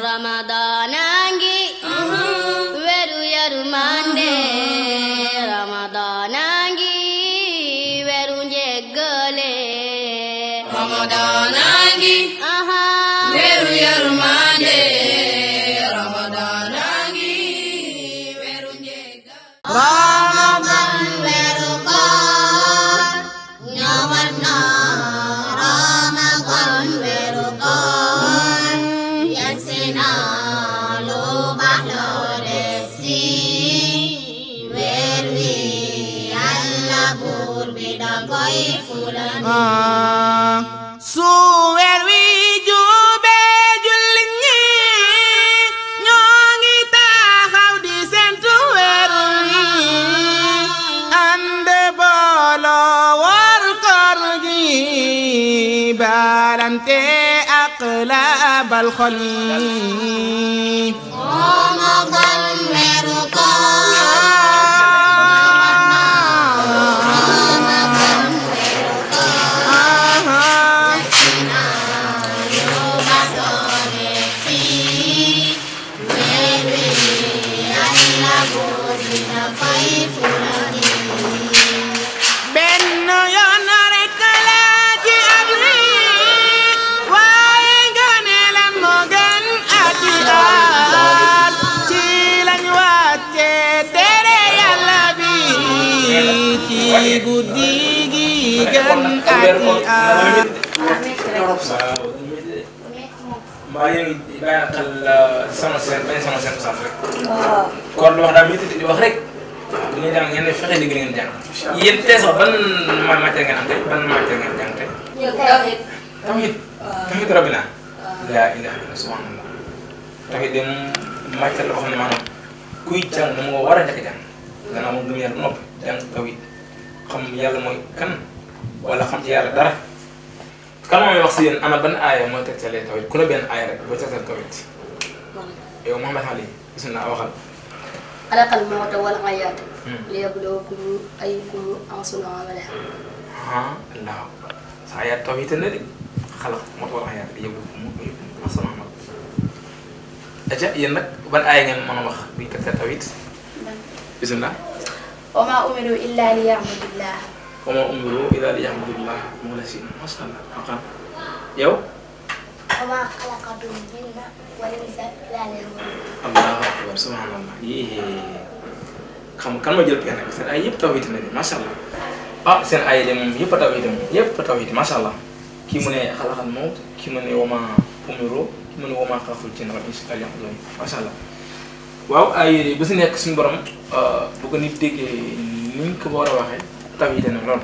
Ramadan a ngi weeru yërmande ضيف لنا ah, suwer wi jube julli ñi ñoo ngi taxaw di sentu weer wi ande booloo war kor gi baalante ak laabal guddi gi gan i aar. maa ngi bàyyi xel sama seen benn sama seen saaf rek. waaw kon wax daal métti di wax rek. bu ngeen jàng ngeen fexe di ngeen jàng. yéen tey sax ban matière ngeen am tey ban matière ngeen jàng tey. tawhid. tawhid. tawhid laa ilaaha illa subhanallah. tawhid dem matière la boo xam ne maanaam kuy jàng dama ko war a njëkk a jàng. danaa moom gëm yàlla noppi jàng tawhid xam yàlla mooy kan wala xam ci dara kan mooy wax ana ban aaya mooy tegtalee tawhid ku ne benn aaya rek boo tegtal tawhid yow Mouhamed Ali bisimilah waxal. xalaqal mawta wal hayaata hmm. liyabluwakum ayyukum ahsanu amala. ah Allah sa ayaat tawhid na de xalaqal mawta wal hayaata liyabluwakum ayyukum ahsanu amala. aja yéen nag ban aaya ngeen mën a wax bi tegtal tawhid bisimilah. wa maa umiru illa li ya'budullah wa maa umiru illa li ya'budullah muxlisiina masala aqan yow wa maa xalaqatul jinna wal insa illa liya'budun allahu akbar subhanallah yi xam kan ma jël kenn seen ay yëpp tawhid na ni masha allah ah seen ay de moom yëpp a tawhid moom yëpp a tawhid masha allah kii mu ne xalaqal mawt kii mu ne wa maa kii mu ne wa maa jinna wal insa allah waaw ay yére bu si nekk si borom euh, bu ko nit déggee niñ ko war a waxee taw yi dana lool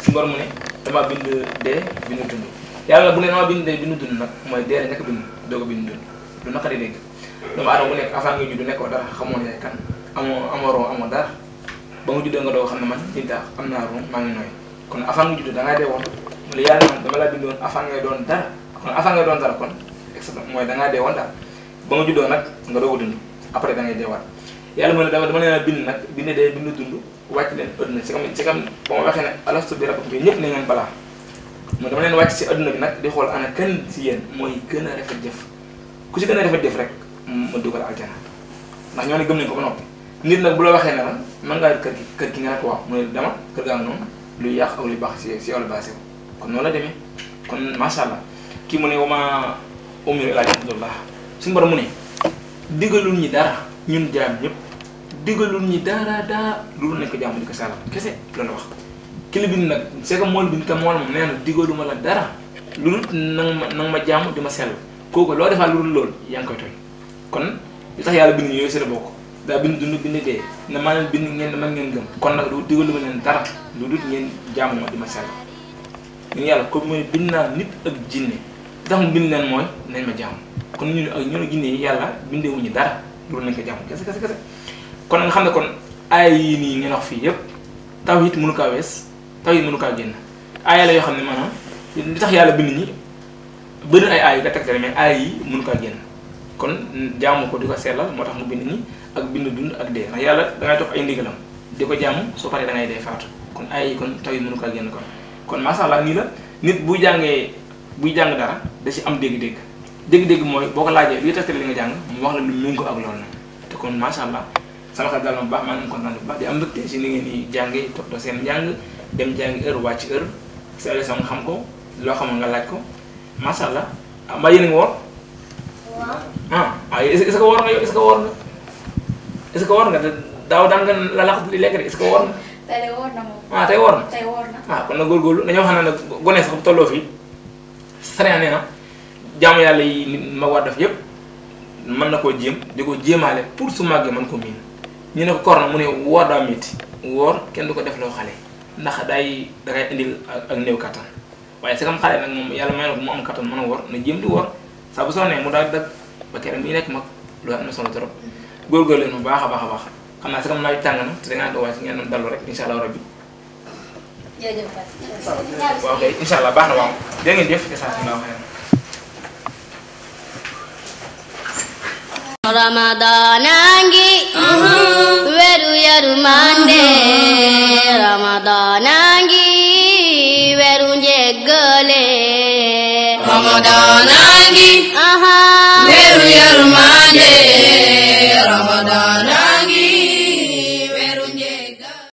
suñu borom mu ne damaa bind dee bindu dund yàlla bu ne damaa bind dee bindu dund nag mooy dee rek nga ko bind doo ko bind dund du naka di dégg doomu aadama bu nekk avant nga judd nekkoo dara xamoo yaay kan amoo amoo roo amoo dara ba nga juddoo nga doo xam ne man nit daal maa ngi nooy kon avant nga judd da ngaa dee woon mu ne yàlla man dama laa bindoon avant ngay doon dara kon avant ngay doon dara kon mooy da ngaa dee woon daal ba nga juddoo nag nga doog a dund après da ngay deewaat yàlla mu ne dama dama leen na bind nag bind dee bind dund wàcc leen adduna si kam si kam ba ma waxee nag leen wàcc si adduna bi nag di xool ana kan si yéen mooy gën a rafet ku si gën a rafet jëf rek ma dugal aljana ndax ñoo ne gëm ko ba noppi nit nag bu la waxee ne la mën ngaa kër gi kër gi nga nekk mu ne aw luy baax si si wàllu baasi kon noonu la demee kon macha allah kii mu ne wa ma umiru illa liya'budu llah suñu borom mu ne digalul ñi dara ñun jaam ñëpp digalul ñi dara daa loolu nañ ko jàmm di ko saalam kese loolu wax nag c'est mool bin ka mool moom nee na digaluma la dara loolu nanga ma nanga ma jàmm di ma sell kooku loo defaa loolu loolu yaa ngi koy tooñ kon li tax yàlla bind yooyu seen bokk daa bind dund bind dee na maa leen bind ngeen man ngeen gëm kon nag du digaluma leen dara loolu ngeen jàmm di ma sell ñun yàlla comme mooy bind naa nit ak jinne tax mu bind leen mooy nañ ma jàmm kon ñu ak ñun jinne yi yàlla bindewuñu dara kon nga xam ne kon aaya yii nii ngeen fii yëpp tawhid mënu kaa wees tawhid mënu kaa génn aaya la yoo xam ne maanaam li tax yàlla bind ñi bëri ay aay yu ko tegtale mais aaya yi mënu kon jaamu ko di ko seetlal moo tax mu bind ñi ak bind dund ak dee yàlla dangay topp ay ndigalam di ko jaamu soo paree da ngay dee kon kon tawhid mënu kaa génn kon kon macha nii la nit bu jàngee buy jàng dara da ci am dégg-dégg dégg-dégg mooy boo ko laajee liy testale li nga jàng mu wax la lu méngoo ak loolu nag te kon macha allah sama xel dal na baax maa ngi kontaan bu baax di am mbégte ci ni ngeen di seen njàng dem jàngi heure wàcc heure sa leçon xam ko laaj ko macha allah ah, mbaa yéen a ngi woor. Ah, ah, ce que woor nga yow est-ce la laxatu di lekk de est-ce que woor na moom. ah tey dañoo xam ne nag gone sax bu tolloo fii sariya nee na jaamu yàlla yi nit ma war def yëpp mën na koo jéem di ko jéemaale pour su màggee mën ko miin ñu ne ko koor na mu ne woor daa métti woor kenn du ko def loo xale ndax day dangay indil ak néew kattan waaye si kam xale nag moom yàlla may na ko mu am na jéem di woor saa bu sonnee mu daal dag ba keroog mi nekk mag loolu am na solo trop góorgóorlu leen bu baax a baax a baax xam naa si kam naaj tàng na te dangaa ko wàcc ngeen doon dallu rek incha allah rabbi jërëjëf Fatou. waaw kay incha allah baax na waaw jërë ngeen jëf jazakumullahu xayran. Ramadan a ngi. Uh-huh.